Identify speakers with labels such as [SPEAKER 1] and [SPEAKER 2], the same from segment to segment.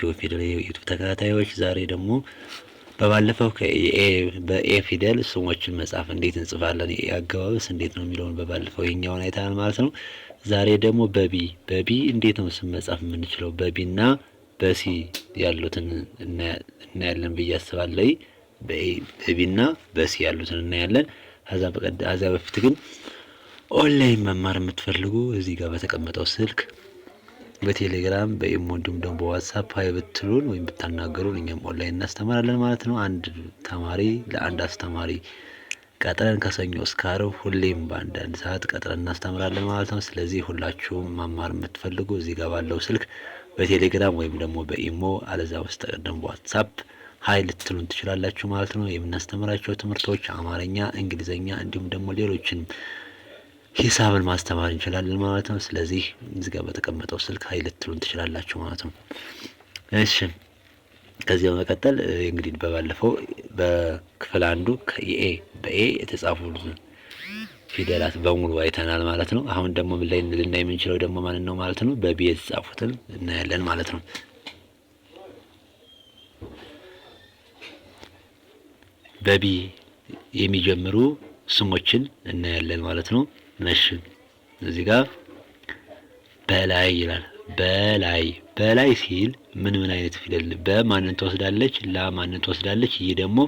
[SPEAKER 1] ቲኦ ፊደል የዩቱብ ተከታታዮች ዛሬ ደግሞ በባለፈው በኤ ፊደል ስሞችን መጻፍ እንዴት እንጽፋለን፣ አገባበስ እንዴት ነው የሚለውን በባለፈው የኛውን አይተናል ማለት ነው። ዛሬ ደግሞ በቢ በቢ እንዴት ነው ስም መጻፍ የምንችለው በቢ እና በሲ ያሉትን እናያለን ብዬ አስባለሁ። በቢ እና በሲ ያሉትን እናያለን። ከዛ በፊት ግን ኦንላይን መማር የምትፈልጉ እዚህ ጋር በተቀመጠው ስልክ በቴሌግራም በኢሞ እንዲሁም ደግሞ በዋትሳፕ ሀይ ብትሉን ወይም ብታናገሩን እኛም ኦንላይን እናስተምራለን ማለት ነው። አንድ ተማሪ ለአንድ አስተማሪ ቀጥረን ከሰኞ እስከ ዓርብ ሁሌም በአንዳንድ ሰዓት ቀጥረን እናስተምራለን ማለት ነው። ስለዚህ ሁላችሁም መማር የምትፈልጉ እዚህ ጋር ባለው ስልክ በቴሌግራም ወይም ደግሞ በኢሞ አለዛ ውስጥ በዋትሳፕ ሀይ ልትሉን ትችላላችሁ ማለት ነው። የምናስተምራቸው ትምህርቶች አማርኛ፣ እንግሊዝኛ እንዲሁም ደግሞ ሌሎችን ሂሳብን ማስተማር እንችላለን ማለት ነው። ስለዚህ እዚህ ጋር በተቀመጠው ስልክ ሀይ ልትሉን ትችላላችሁ ማለት ነው። እሺ ከዚያ በመቀጠል እንግዲህ በባለፈው በክፍል አንዱ ከኤ በኤ የተጻፉ ፊደላት በሙሉ አይተናል ማለት ነው። አሁን ደግሞ ምን ላይ ልናይ የምንችለው ደግሞ ማንን ነው ማለት ነው? በቢ የተጻፉትን እናያለን ማለት ነው። በቢ የሚጀምሩ ስሞችን እናያለን ማለት ነው። ምሽግ እዚህ ጋር በላይ ይላል። በላይ በላይ ሲል ምን ምን አይነት ፊደል በማንን ትወስዳለች? ለማንን ትወስዳለች? ይህ ደግሞ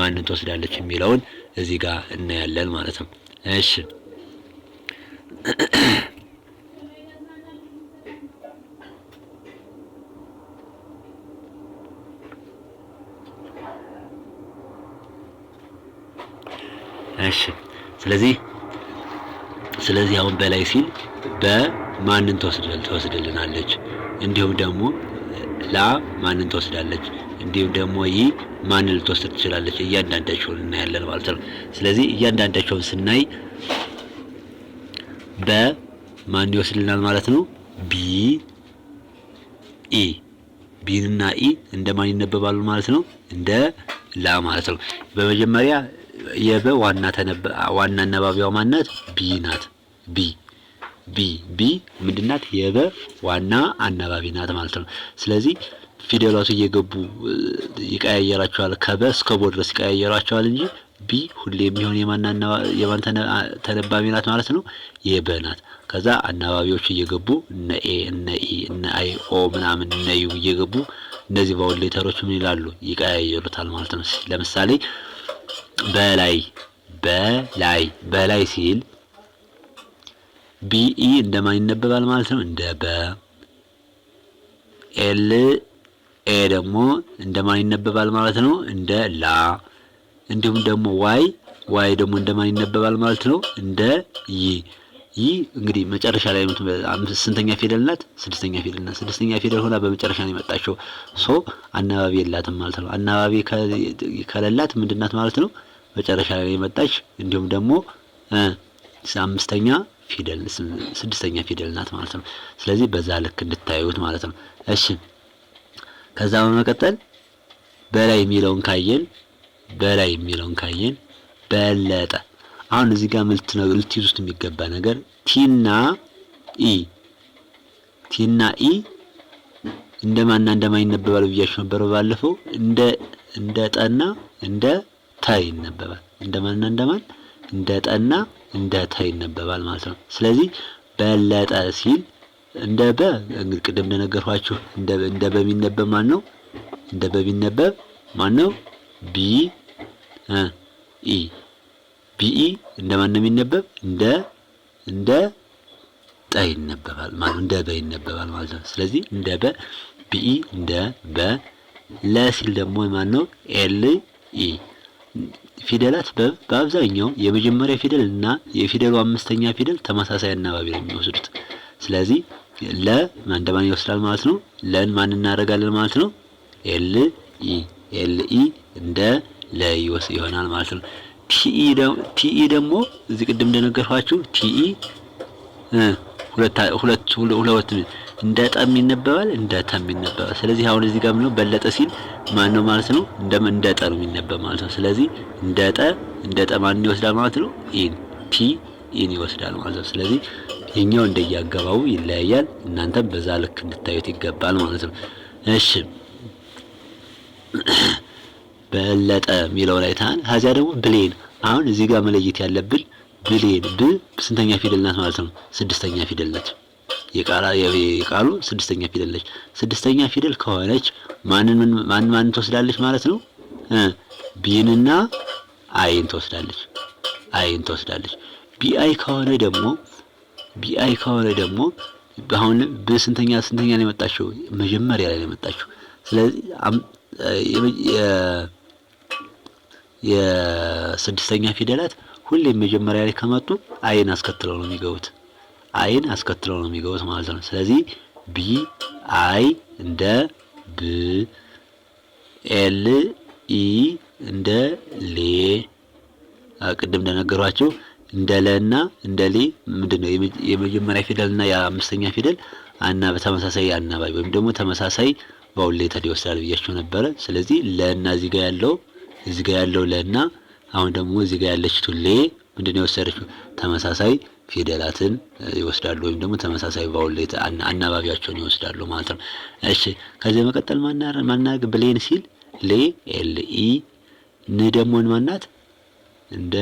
[SPEAKER 1] ማንን ትወስዳለች የሚለውን እዚህ ጋር እናያለን ማለት ነው። እሺ እሺ ስለዚህ ስለዚህ አሁን በላይ ሲል በማንን ትወስድልናለች፣ እንዲሁም ደግሞ ላ ማንን ትወስዳለች፣ እንዲሁም ደግሞ ይ ማንን ልትወስድ ትችላለች። እያንዳንዳቸውን እናያለን ማለት ነው። ስለዚህ እያንዳንዳቸውን ስናይ በማን ይወስድልናል ማለት ነው። ቢ ኢ ቢንና ኢ እንደ ማን ይነበባሉ ማለት ነው? እንደ ላ ማለት ነው። በመጀመሪያ የበ ዋና ዋና አነባቢዋ ማናት? ቢ ናት። ቢ ቢ ቢ ምንድናት የበ ዋና አናባቢ ናት ማለት ነው። ስለዚህ ፊደላቱ እየገቡ ይቀያየራቸዋል። ከበ እስከ ቦ ድረስ ይቀያየራቸዋል እንጂ ቢ ሁሌ የሚሆን የማን ተነባቢ ናት ማለት ነው? የበ ናት። ከዛ አናባቢዎች እየገቡ እነ ኤ እነ ኢ እነ አይ ኦ ምናምን እነ ዩ እየገቡ እነዚህ ቫውል ሌተሮች ምን ይላሉ? ይቀያየሩታል ማለት ነው። ለምሳሌ በላይ በላይ በላይ ሲል ቢኢ እንደማን ይነበባል ማለት ነው? እንደ በ። ኤል ኤ ደግሞ እንደማን ይነበባል ማለት ነው? እንደ ላ። እንዲሁም ደግሞ ዋይ ዋይ ደግሞ እንደማን ይነበባል ማለት ነው? እንደ ይ። ይ እንግዲህ መጨረሻ ላይ ስንተኛ ፊደል ናት? ስድስተኛ ፊደል ናት። ስድስተኛ ፊደል ሆና በመጨረሻ ነው የመጣችው። ሶ አናባቢ የላትም ማለት ነው። አናባቢ ከሌላት ምንድናት ማለት ነው? መጨረሻ ላይ የመጣች እንዲሁም ደግሞ አምስተኛ ፊደል ስድስተኛ ፊደል ናት ማለት ነው። ስለዚህ በዛ ልክ እንድታዩት ማለት ነው። እሺ ከዛ በመቀጠል በላይ የሚለውን ካየን በላይ የሚለውን ካየን በለጠ። አሁን እዚህ ጋር ምልት ነው ልትይዙት የሚገባ ነገር ቲና ኢ ቲና ኢ እንደማና እንደማን ይነበባል ብያችሁ ነበር ባለፈው። እንደ እንደ ጠና እንደ ተ ይነበባል። እንደማና እንደማን እንደ ጠና እንደ ተ ይነበባል ማለት ነው። ስለዚህ በለጠ ሲል እንደ በ እንግዲህ ቅድም እንደነገርኳችሁ እንደ እንደ በሚነበብ ማን ነው? እንደ በሚነበብ ማን ነው? ቢ ኢ ኢ እንደ ማን ነው የሚነበብ? እንደ እንደ ጠ ይነበባል ማለት እንደ በ ይነበባል ማለት ነው። ስለዚህ እንደ በ ኢ እንደ በ ለሲል ደግሞ ማን ነው? ኤል ኢ ፊደላት በአብዛኛው የመጀመሪያ ፊደል እና የፊደሉ አምስተኛ ፊደል ተመሳሳይ አናባቢ ነው የሚወስዱት። ስለዚህ ለ ማንደማን ይወስዳል ማለት ነው። ለን ማን እናደርጋለን ማለት ነው። ኤል ኢ ኤል ኢ እንደ ለ ይወስ ይሆናል ማለት ነው። ቲኢ ደግሞ እዚህ ቅድም እንደነገርኳችሁ ቲኢ ሁለት ሁለት እንደ ጠም ይነበባል፣ እንደ ተም ይነበባል። ስለዚህ አሁን እዚህ ጋር ምንድነው በለጠ ሲል ማን ነው ማለት ነው እንደ እንደ ጠ ነው የሚነበብ ማለት ነው። ስለዚህ እንደ ጠ እንደ ጠ ማን ይወስዳል ማለት ነው ኢን ፒ ኢን ይወስዳል ማለት ነው። ስለዚህ የኛው እንደየአገባቡ ይለያያል። እናንተም በዛ ልክ እንድታዩት ይገባል ማለት ነው። እሺ በለጠ የሚለው ላይ ታን ከዚያ ደግሞ ብሌን። አሁን እዚህ ጋር መለየት ያለብን ብሌን ብ ስንተኛ ፊደል ናት ማለት ነው? ስድስተኛ ፊደል ናት። የቃሉ ስድስተኛ ፊደል ነች። ስድስተኛ ፊደል ከሆነች ማንን ማን ማን ትወስዳለች ማለት ነው? ቢንና አይን ትወስዳለች። አይን ትወስዳለች። ቢአይ ከሆነ ደግሞ ቢአይ ከሆነ ደግሞ አሁን በስንተኛ ስንተኛ ላይ መጣችው? መጀመሪያ ላይ መጣችሁ ስለዚህ የስድስተኛ ፊደላት ሁሌም መጀመሪያ ላይ ከመጡ አይን አስከትለው ነው የሚገቡት። አይን አስከትለው ነው የሚገቡት ማለት ነው። ስለዚህ ቢ አይ እንደ ብ፣ ኤል ኢ እንደ ሌ፣ ቅድም እንደነገሯችሁ እንደ ለ እና እንደ ሌ ምንድን ነው የመጀመሪያ ፊደል እና የአምስተኛ ፊደል አና በተመሳሳይ አናባቢ ወይም ደግሞ ተመሳሳይ ቫውሌተር ይወስዳል ብያቸው ነበረ። ስለዚህ ለና እዚህ ጋር ያለው እዚህ ጋር ያለው ለና አሁን ደግሞ እዚህ ጋር ያለችቱ ሌ ምንድን ነው የወሰደችው ተመሳሳይ ፊደላትን ይወስዳሉ ወይም ደግሞ ተመሳሳይ ቫውሌት አናባቢያቸውን ይወስዳሉ ማለት ነው። እሺ ከዚህ በመቀጠል ማናግ ብሌን ሲል ሌ ኤል ኢ ን ደግሞ ማናት እንደ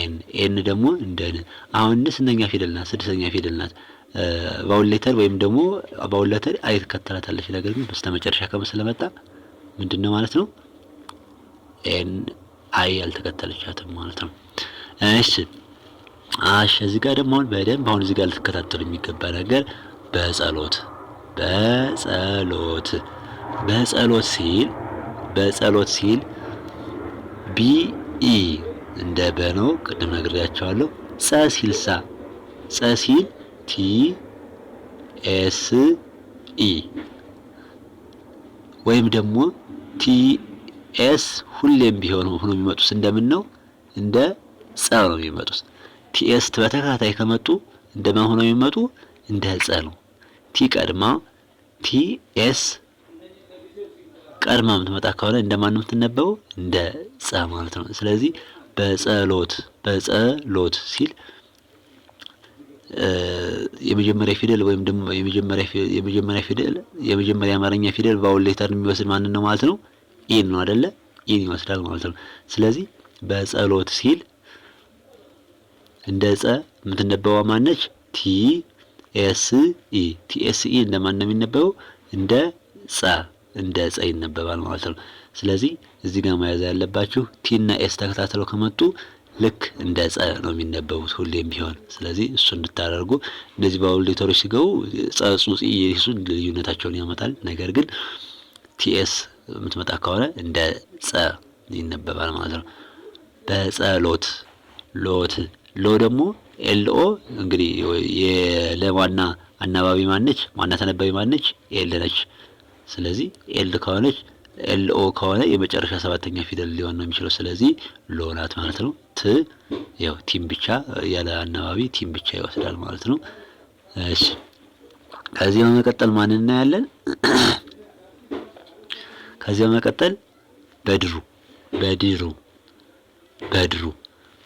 [SPEAKER 1] ኤን ኤን ደግሞ እንደ ን። አሁን ስንተኛ ፊደል ናት? ስድስተኛ ፊደል ናት። ወይም ደግሞ ቫውሌተር አይ ትከተላታለች። ነገር ግን በስተመጨረሻ ከመ ምንድን ነው ማለት ነው ኤን አይ አልተከተለቻትም ማለት ነው። እሺ አሽ እዚህ ጋር ደግሞ አሁን በደንብ አሁን እዚህ ጋር ልትከታተሉ የሚገባ ነገር በጸሎት በጸሎት በጸሎት ሲል በጸሎት ሲል ቢኢ እንደ በ ነው። ቅድም ነግሬያቸዋለሁ። ጸ ሲል ሳ ጸ ሲል ቲ ኤስ ኢ ወይም ደግሞ ቲ ኤስ ሁሌም ቢሆን ሆኖ የሚመጡት እንደምን ነው? እንደ ጸ ነው የሚመጡት። ቲኤስት በተከታታይ ከመጡ እንደማን ሆነው የሚመጡ እንደ ጸ ነው። ቲ ቀድማ ቲኤስ ቀድማ የምትመጣ ከሆነ እንደማን ነው የምትነበበው? እንደ ጸ ማለት ነው። ስለዚህ በጸሎት በጸሎት ሲል የመጀመሪያ ፊደል ወይም ደግሞ የመጀመሪያ ፊደል የመጀመሪያ አማርኛ ፊደል ቫውል ሌተርን የሚወስድ ማንን ነው ማለት ነው? ኢን ነው አይደለ? ኢን ይወስዳል ማለት ነው። ስለዚህ በጸሎት ሲል እንደ ጸ የምትነበበ ማነች? ቲ ኤስ ኢ ኤስ ኢ እንደማን ነው የሚነበበው? እንደ ጸ እንደ ጸ ይነበባል ማለት ነው። ስለዚህ እዚህ ጋር መያዝ ያለባችሁ ቲ እና ኤስ ተከታትለው ከመጡ ልክ እንደ ጸ ነው የሚነበቡት ሁሌም ቢሆን። ስለዚህ እሱ እንድታደርጉ እንደዚህ ባውል ሌተሮች ሲገቡ ጺ ሱ ልዩነታቸውን ያመጣል። ነገር ግን ቲኤስ የምትመጣ ከሆነ እንደ ጸ ይነበባል ማለት ነው። በጸሎት ሎት ሎ ደግሞ ኤልኦ እንግዲህ ለዋና አናባቢ ማነች? ዋና ተነባቢ ማነች? ኤል ነች። ስለዚህ ኤል ከሆነች ኤልኦ ከሆነ የመጨረሻ ሰባተኛ ፊደል ሊሆን ነው የሚችለው። ስለዚህ ሎ ናት ማለት ነው። ት ያው ቲም ብቻ ያለ አናባቢ ቲም ብቻ ይወስዳል ማለት ነው። እሺ ከዚህ በመቀጠል ማን እናያለን? ከዚህ በመቀጠል በድሩ በድሩ በድሩ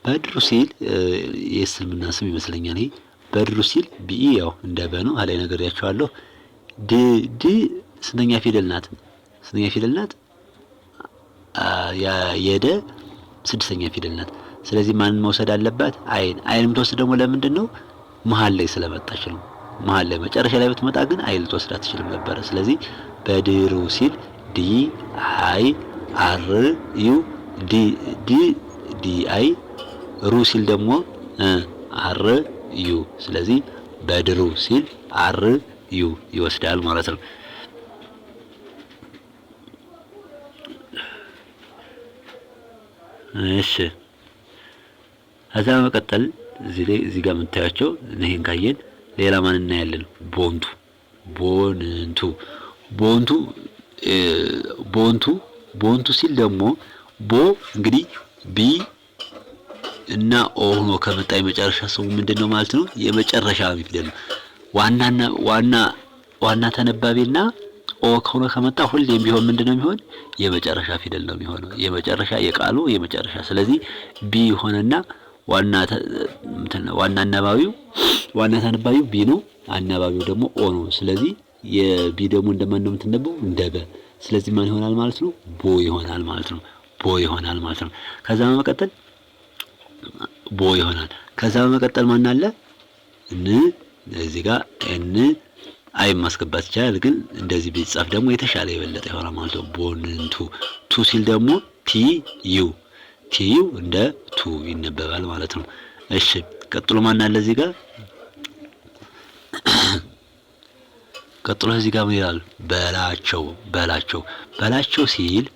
[SPEAKER 1] በድሩ ሲል የእስልምና ስም ይመስለኛል። ይሄ በድሩ ሲል ቢ ያው እንደ በኑ አላይ ነገር ያቸዋለሁ። ድ ድ ስንተኛ ፊደል ናት? ስንተኛ ፊደል ናት? የደ ስድስተኛ ፊደል ናት። ስለዚህ ማንን መውሰድ አለባት? አይን። አይን የምትወስድ ደግሞ ለምንድን ነው? መሀል ላይ ስለመጣች ነው። መሀል ላይ መጨረሻ ላይ ብትመጣ ግን አይን ልትወስድ አትችልም ነበረ። ስለዚህ በድሩ ሲል ዲ አይ አር ዩ ዲ ዲ ዲ አይ ሩ ሲል ደግሞ አር ዩ። ስለዚህ በድሩ ሲል አር ዩ ይወስዳል ማለት ነው። እሺ ከዛ በመቀጠል እዚህ ላይ እዚህ ጋር የምታያቸው ይሄን ካየን ሌላ ማን እናያለን? ቦንቱ ቦንቱ ቦንቱ ቦንቱ ቦንቱ ሲል ደግሞ ቦ እንግዲህ ቢ እና ኦ ሆኖ ከመጣ የመጨረሻ ስሙ ምንድን ነው ማለት ነው? የመጨረሻ ፊደል ነው። ዋናና ዋና ዋና ተነባቢና ኦ ከሆነ ከመጣ ሁሌም ቢሆን ምንድን ነው የሚሆን? የመጨረሻ ፊደል ነው የሚሆነው። የመጨረሻ የቃሉ የመጨረሻ ስለዚህ ቢ ሆነና ዋና ዋና አናባቢው ዋና ተነባቢው ቢ ነው። አናባቢው ደግሞ ኦ ነው። ስለዚህ የቢ ደግሞ እንደማን ነው የምትነበው? እንደ በ። ስለዚህ ማን ይሆናል ማለት ነው? ቦ ይሆናል ማለት ነው። ቦ ይሆናል ማለት ነው። ከዛ በመቀጠል ቦ ይሆናል። ከዛ በመቀጠል ማን አለ እን እዚህ ጋር እን አይ ማስገባት ይቻላል፣ ግን እንደዚህ ቢጻፍ ደግሞ የተሻለ የበለጠ ይሆናል ማለት ነው። ቦንቱ ቱ ሲል ደግሞ ቲ ዩ ቲ ዩ እንደ ቱ ይነበባል ማለት ነው። እሺ ቀጥሎ ማን አለ እዚህ ጋር ቀጥሎ እዚህ ጋር ምን ይላል? በላቸው በላቸው በላቸው ሲል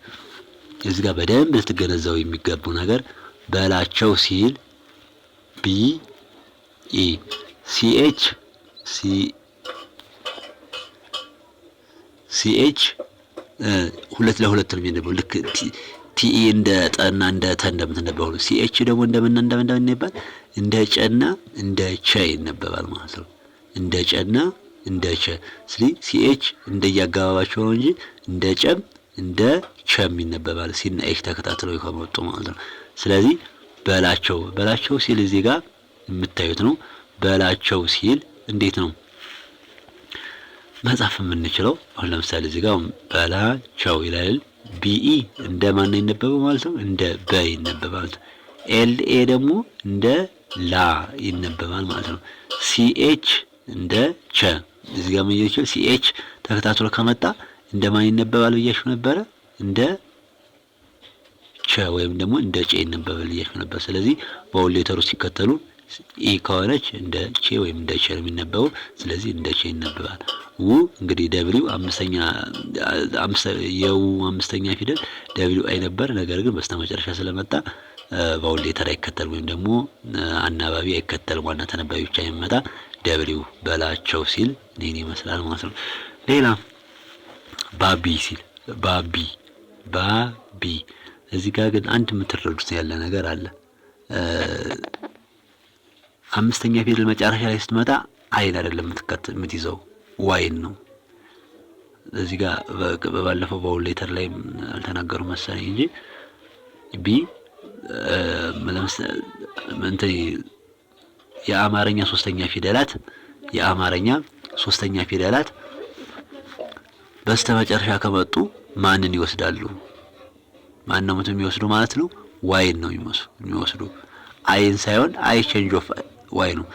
[SPEAKER 1] እዚህ ጋር በደንብ ልትገነዘው የሚገቡ ነገር በላቸው ሲል ቢ ኢ ሲኤች ሲኤች ሁለት ለሁለት ነው የሚነበው። ልክ ቲኢ እንደ ጠና እንደ ተ እንደምትነበው ነው። ሲኤች ደግሞ እንደምና እንደምን እንደምን እንደ ጨና እንደ ቸ ይነበባል ማለት ነው። እንደ ጨና እንደ ቸ። ስለዚህ ሲኤች እንደየአገባባቸው ነው እንጂ እንደ ጨም እንደ ቸም ይነበባል። ሲና ኤች ተከታትለው ከመጡ ማለት ነው። ስለዚህ በላቸው በላቸው ሲል እዚህ ጋር የምታዩት ነው። በላቸው ሲል እንዴት ነው መጻፍ የምንችለው? አሁን ለምሳሌ እዚህ ጋር በላቸው ይላል። ቢኢ እንደ ማን ነው ይነበበው ማለት ነው? እንደ በ ይነበባል ማለት ነው። ኤልኤ ደግሞ እንደ ላ ይነበባል ማለት ነው። ሲኤች እንደ ቸ እዚህ ጋር ምን ይችላል? ሲኤች ተከታትሎ ከመጣ እንደ ማን ይነበባል ብያችሁ ነበረ እንደ ቸ ወይም ደግሞ እንደ ቼ ይነበባል ብያችሁ ነበር። ስለዚህ ቫውል ሌተሩ ሲከተሉ ኤ ከሆነች እንደ ቼ ወይም እንደ ቼ ነው የሚነበበው። ስለዚህ እንደ ቼ ይነበባል። ው እንግዲህ ደብሊው አምስተኛ የው አምስተኛ ፊደል ደብሊው አይ ነበር። ነገር ግን በስተመጨረሻ ስለመጣ ቫውል ሌተር አይከተል ወይም ደግሞ አናባቢ አይከተልም። ዋና ተነባቢ ብቻ የሚመጣ ደብሊው በላቸው ሲል ይህን ይመስላል ማለት ነው። ሌላ ባቢ ሲል ባቢ ባቢ እዚህ ጋር ግን አንድ የምትረዱት ያለ ነገር አለ። አምስተኛ ፊደል መጨረሻ ላይ ስትመጣ አይን አይደለም የምትከተል የምትይዘው ዋይን ነው። እዚህ ጋር በባለፈው በአሁን ሌተር ላይ አልተናገሩ መሰለኝ እንጂ ቢ እንትን የአማርኛ ሶስተኛ ፊደላት የአማርኛ ሶስተኛ ፊደላት በስተመጨረሻ ከመጡ ማንን ይወስዳሉ? ማን ነው የሚወስዱ ማለት ነው ዋይን ነው የሚወስዱ አይን ሳይሆን አይ ቼንጅ ኦፍ ዋይ ነው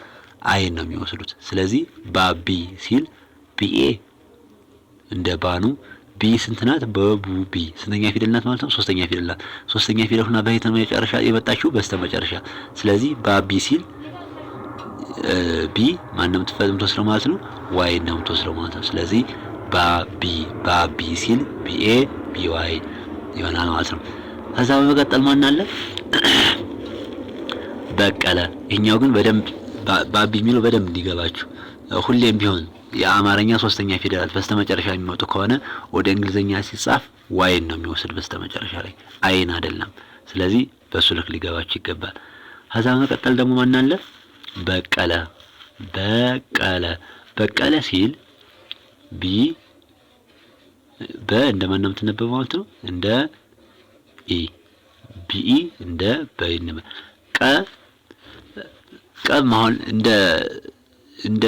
[SPEAKER 1] አይን ነው የሚወስዱት። ስለዚህ ባቢ ሲል ቢኤ እንደ ባኑ ቢ ስንት ናት? በቡ ቢ ስንተኛ ፊደል ናት ማለት ነው? ሶስተኛ ፊደል ናት። ሶስተኛ ፊደል ሁና በሄተ መጨረሻ የመጣችው? በስተ መጨረሻ። ስለዚህ ባቢ ሲል ቢ ማንም ትፈጥም የምትወስደው ማለት ነው ዋይ ነው የምትወስደው ማለት ነው። ስለዚህ ባቢ ባቢ ሲል ቢኤ ቢዋይ ይሆናል ማለት ነው። ከዛ በመቀጠል ማን አለ? በቀለ። ይህኛው ግን በደንብ ባቢ የሚለው በደንብ እንዲገባችሁ ሁሌም ቢሆን የአማርኛ ሶስተኛ ፊደላት በስተመጨረሻ የሚመጡ ከሆነ ወደ እንግሊዝኛ ሲጻፍ ዋይን ነው የሚወስድ በስተመጨረሻ ላይ አይን አይደለም። ስለዚህ በሱ ልክ ሊገባችሁ ይገባል። ከዛ በመቀጠል ደግሞ ማን አለ? በቀለ በቀለ በቀለ ሲል ቢ በ እንደ ማን ነው የምትነበበው ማለት ነው። እንደ ኢ ቢኢ እንደ በይነበ ቀ ቀ አሁን እንደ እንደ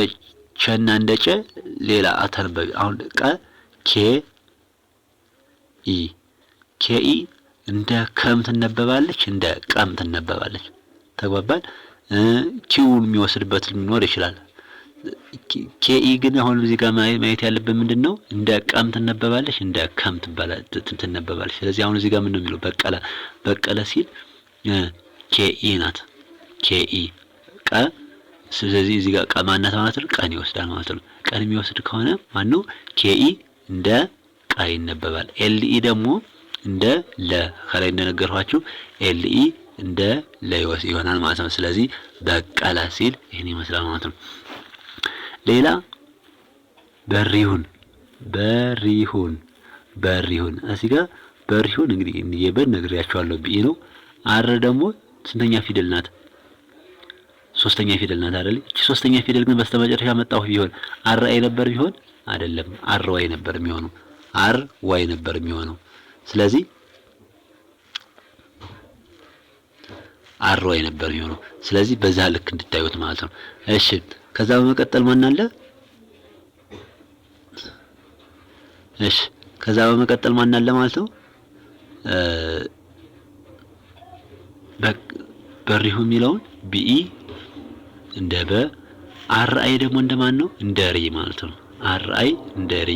[SPEAKER 1] ቸና እንደ ጨ ሌላ አተነበቢ አሁን ቀ ኬ ኢ ኬ ኢ እንደ ከም ትነበባለች፣ እንደ ቀም ትነበባለች። ተግባባል። ኪውን የሚወስድበት ሊኖር ይችላል። ኬኢ ግን አሁን እዚህ ጋር ማየት ያለብን ምንድን ነው? እንደ ቀም ትነበባለች፣ እንደ ከም ትነበባለች። ስለዚህ አሁን እዚህ ጋር ምንድን ነው የሚለው? በቀለ በቀለ ሲል ኬኢ ናት። ኬኢ ቀ ስለዚህ እዚህ ጋር ቀማናት ማለት ነው። ቀን ይወስዳል ማለት ነው። ቀን የሚወስድ ከሆነ ማን ነው? ኬኢ እንደ ቀ ይነበባል። ኤልኢ ደግሞ እንደ ለ ከላይ እንደነገርኋችሁ ኤልኢ እንደ ለ ይሆናል ማለት ነው። ስለዚህ በቀለ ሲል ይህን ይመስላል ማለት ነው። ሌላ በሪሁን በሪሁን በሪሁን እዚህ ጋር በሪሁን እንግዲህ የበን ነግሬያቸዋለሁ ብዬ ነው። አረ ደግሞ ስንተኛ ፊደል ናት? ሶስተኛ ፊደል ናት አይደል? እቺ ሶስተኛ ፊደል ግን በስተመጨረሻ መጣሁ ቢሆን አረ አይ ነበር ቢሆን አይደለም፣ አር ዋይ ነበር የሚሆነው። አር ዋይ ነበር የሚሆነው። ስለዚህ አር ዋይ ነበር የሚሆነው። ስለዚህ በዛ ልክ እንድታዩት ማለት ነው። እሺ ከዛ በመቀጠል ማን አለ? እሺ ከዛ በመቀጠል ማን አለ ማለት ነው? በሪሁ የሚለውን ቢኢ እንደ በ አርአይ ደግሞ እንደማን ነው? እንደ ሪ ማለት ነው። አርአይ እንደ ሪ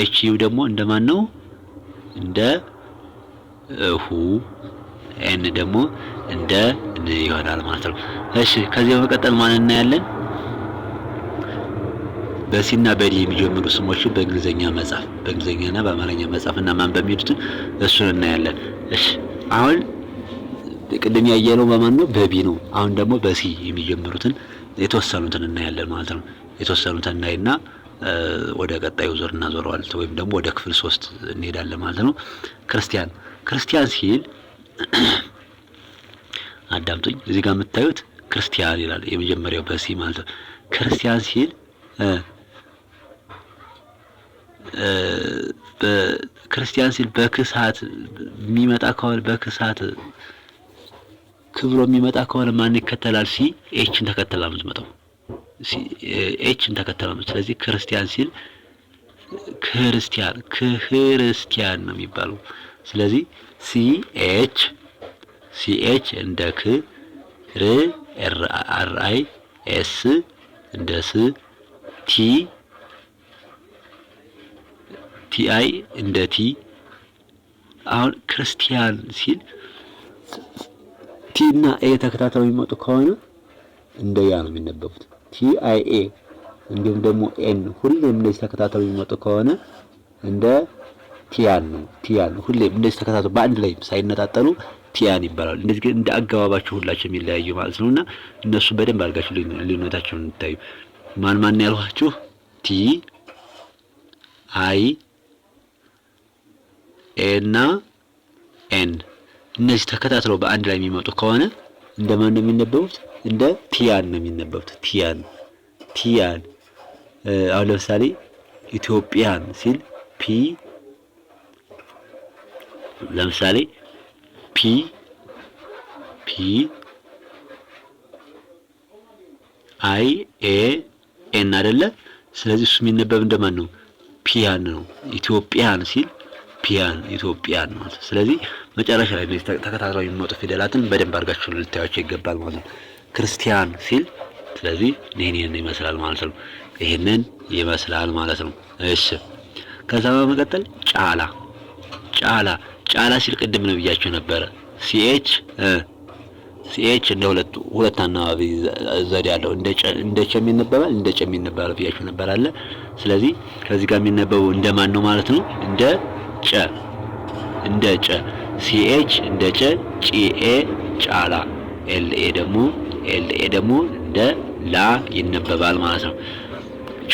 [SPEAKER 1] ኤች ዩ ደግሞ እንደማን ነው? እንደ ሁ ኤን ደግሞ እንደ ን ይሆናል ማለት ነው። እሺ ከዚህ በመቀጠል ማን እናያለን? በሲና በዲ የሚጀምሩ ስሞችን በእንግሊዝኛ መጻፍ በእንግሊዝኛና በአማርኛ መጻፍ እና ማንበብ የሚሄዱትን እሱን እናያለን። እሺ አሁን ቅድም ያየነው በማን ነው? በቢ ነው። አሁን ደግሞ በሲ የሚጀምሩትን የተወሰኑትን እናያለን ማለት ነው። የተወሰኑትን እናይና ወደ ቀጣዩ ዞር እናዞረዋል ወይም ደግሞ ወደ ክፍል ሶስት እንሄዳለን ማለት ነው። ክርስቲያን ክርስቲያን ሲል አዳምጡኝ። እዚህ ጋር የምታዩት ክርስቲያን ይላል የመጀመሪያው በሲ ማለት ነው። ክርስቲያን ሲል በክርስቲያን ሲል በክሳት የሚመጣ ከሆነ በክሳት ክብሮ የሚመጣ ከሆነ ማን ይከተላል? ሲ ኤችን ተከተላ ነው የምትመጣው። ኤችን ተከተላ ነው። ስለዚህ ክርስቲያን ሲል ክርስቲያን ክህርስቲያን ነው የሚባለው። ስለዚህ ሲ ኤች ሲ ኤች እንደ ክ ር አር አይ ኤስ እንደ ስ ቲ ቲአይ እንደ ቲ አሁን ክርስቲያን ሲል ቲ እና ኤ ተከታትለው የሚመጡ ከሆነ እንደ ያ ነው የሚነበቡት። ቲ አይ ኤ እንዲሁም ደግሞ ኤን ሁሌም እንደዚህ ተከታተሉ የሚመጡ ከሆነ እንደ ቲያን ነው ቲያን ነው። ሁሌም እንደዚህ ተከታተሉ በአንድ ላይ ሳይነጣጠሉ ቲያን ይባላል። እንደዚህ ግን እንደ አገባባቸው ሁላቸው የሚለያዩ ማለት እና እነሱ በደንብ አድርጋችሁ ልዩነታቸውን እንታዩ። ማን ማን ያልኋችሁ ቲ አይ ኤና ኤን እነዚህ ተከታትለው በአንድ ላይ የሚመጡ ከሆነ እንደማን ነው የሚነበቡት? እንደ ቲያን ነው የሚነበቡት። ቲያን ቲያን። አሁን ለምሳሌ ኢትዮጵያን ሲል ፒ ለምሳሌ ፒ ፒ አይ ኤ ኤን አይደለ? ስለዚህ እሱ የሚነበብ እንደማን ነው? ፒያን ነው። ኢትዮጵያን ሲል ኢትዮጵያን ኢትዮጵያን ማለት ስለዚህ መጨረሻ ላይ እነዚህ ተከታትለው የሚመጡ ፊደላትን በደንብ አድርጋችሁ ልታዩቸው ይገባል ማለት ነው። ክርስቲያን ሲል ስለዚህ ይህን ይመስላል ማለት ነው። ይህንን ይመስላል ማለት ነው። እሺ ከዛ በመቀጠል ጫላ ጫላ ጫላ ሲል ቅድም ነው ብያችሁ ነበረ። ሲኤች ሲኤች እንደ ሁለት ሁለት አናባቢ ዘዴ ያለው እንደ እንደ ጨ የሚነበባል እንደ ጨ የሚነበባል ብያችሁ ነበር አለ። ስለዚህ ከዚህ ጋር የሚነበበው እንደማን ነው ማለት ነው እንደ ጨ እንደ ጨ ሲኤች እንደ ጨ ጪኤ ጫላ ኤልኤ ደግሞ ኤልኤ ደግሞ እንደ ላ ይነበባል ማለት ነው።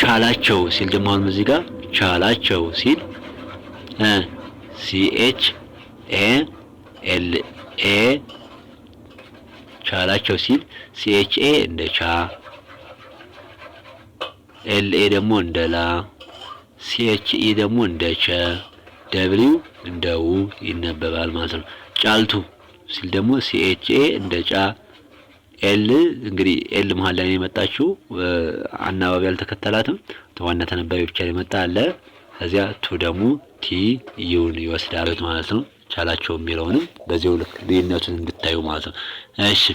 [SPEAKER 1] ቻላቸው ሲል ደግሞ አሁን እዚህ ጋር ቻላቸው ሲል ሲኤች ኤ ኤል ኤ ቻላቸው ሲል ሲኤች ኤ እንደ ቻ ኤል ኤ ደግሞ እንደ ላ ሲኤች ኢ ደግሞ እንደ ቸ ደብሊው እንደ ው ይነበባል ማለት ነው። ጫልቱ ሲል ደግሞ ሲኤችኤ እንደ ጫ ኤል እንግዲህ ኤል መሀል ላይ ነው የመጣችው። አናባቢ አልተከተላትም። ተዋና ተነባቢ ብቻ ላይ አለ። ከዚያ ቱ ደግሞ ቲ ዩን ይወስዳሉት ማለት ነው። ቻላቸው የሚለውንም በዚያው ልክ ልዩነቱን እንድታዩ ማለት ነው። እሺ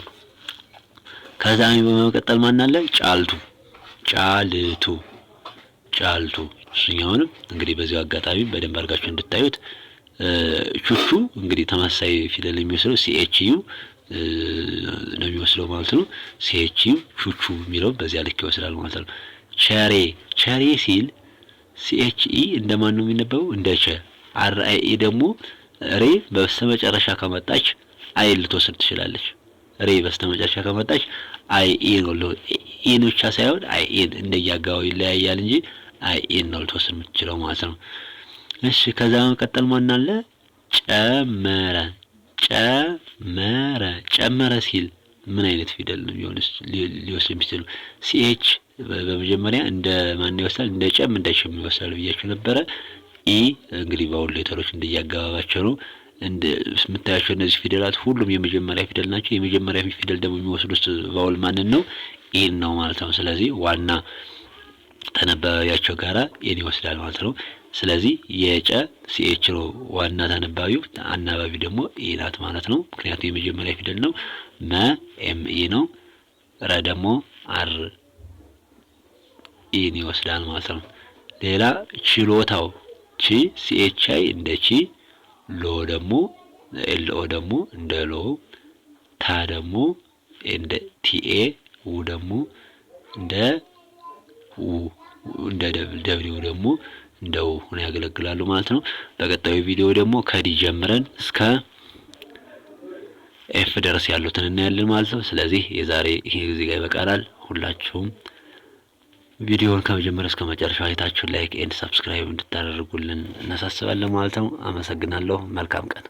[SPEAKER 1] ከዛ በመቀጠል ማናለ ጫልቱ ጫልቱ ጫልቱ እሱኛውንም እንግዲህ በዚሁ አጋጣሚ በደንብ አድርጋችሁ እንድታዩት ቹቹ እንግዲህ ተመሳሳይ ፊደል የሚወስደው ሲኤችዩ ነው የሚወስደው ማለት ነው። ሲኤችዩ ቹቹ የሚለው በዚያ ልክ ይወስዳል ማለት ነው። ቸሬ ቸሬ ሲል ሲኤችኢ እንደማን ነው የሚነበበው? እንደ ቸ። አርአይኢ ደግሞ ሬ በስተመጨረሻ ከመጣች አይ ልትወስድ ትችላለች። ሬ በስተመጨረሻ ከመጣች አይ ኢ ነው ኢን ብቻ ሳይሆን አይ ኢ እንደየ ይለያያል እንጂ አይ ኤን ነው ልትወስድ የምትችለው ማለት ነው። እሺ ከዛ በመቀጠል ማን አለ? ጨመረ ጨመረ ጨመረ ሲል ምን አይነት ፊደል ነው ሊወስድ የሚችሉ? ሲኤች በመጀመሪያ እንደ ማን ይወስዳል? እንደ ጨም እንደ ጭም ይወስዳል ብያችሁ ነበረ። ኢ እንግዲህ ቫውል ሌተሮች እንደያገባባቸው ነው የምታያቸው እነዚህ ፊደላት ሁሉም የመጀመሪያ ፊደል ናቸው። የመጀመሪያ ፊደል ደግሞ የሚወስዱት ቫውል ማንን ነው? ኢን ነው ማለት ነው። ስለዚህ ዋና ተነባቢያቸው ጋራ ኤን ይወስዳል ማለት ነው። ስለዚህ የጨ ሲኤች ነው ዋና ተነባቢው አናባቢ ደግሞ ኤ ናት ማለት ነው። ምክንያቱም የመጀመሪያ ፊደል ነው። መ ኤም ኢ ነው። ረ ደግሞ አር ኢን ይወስዳል ማለት ነው። ሌላ ችሎታው ቺ ሲኤች አይ እንደ ቺ፣ ሎ ደግሞ ኤልኦ ደግሞ እንደ ሎ፣ ታ ደግሞ እንደ ቲኤ፣ ው ደግሞ እንደ እንደ ደብሊው ደግሞ እንደው ሆነ ያገለግላሉ ማለት ነው። በቀጣዩ ቪዲዮ ደግሞ ከዲ ጀምረን እስከ ኤፍ ድረስ ያሉትን እናያለን ማለት ነው። ስለዚህ የዛሬ ይሄ ጊዜ ጋር ይበቃናል። ሁላችሁም ቪዲዮውን ከመጀመሪያ እስከ መጨረሻ አይታችሁ ላይክ ኤንድ ሰብስክራይብ እንድታደርጉልን እናሳስባለን ማለት ነው። አመሰግናለሁ። መልካም ቀን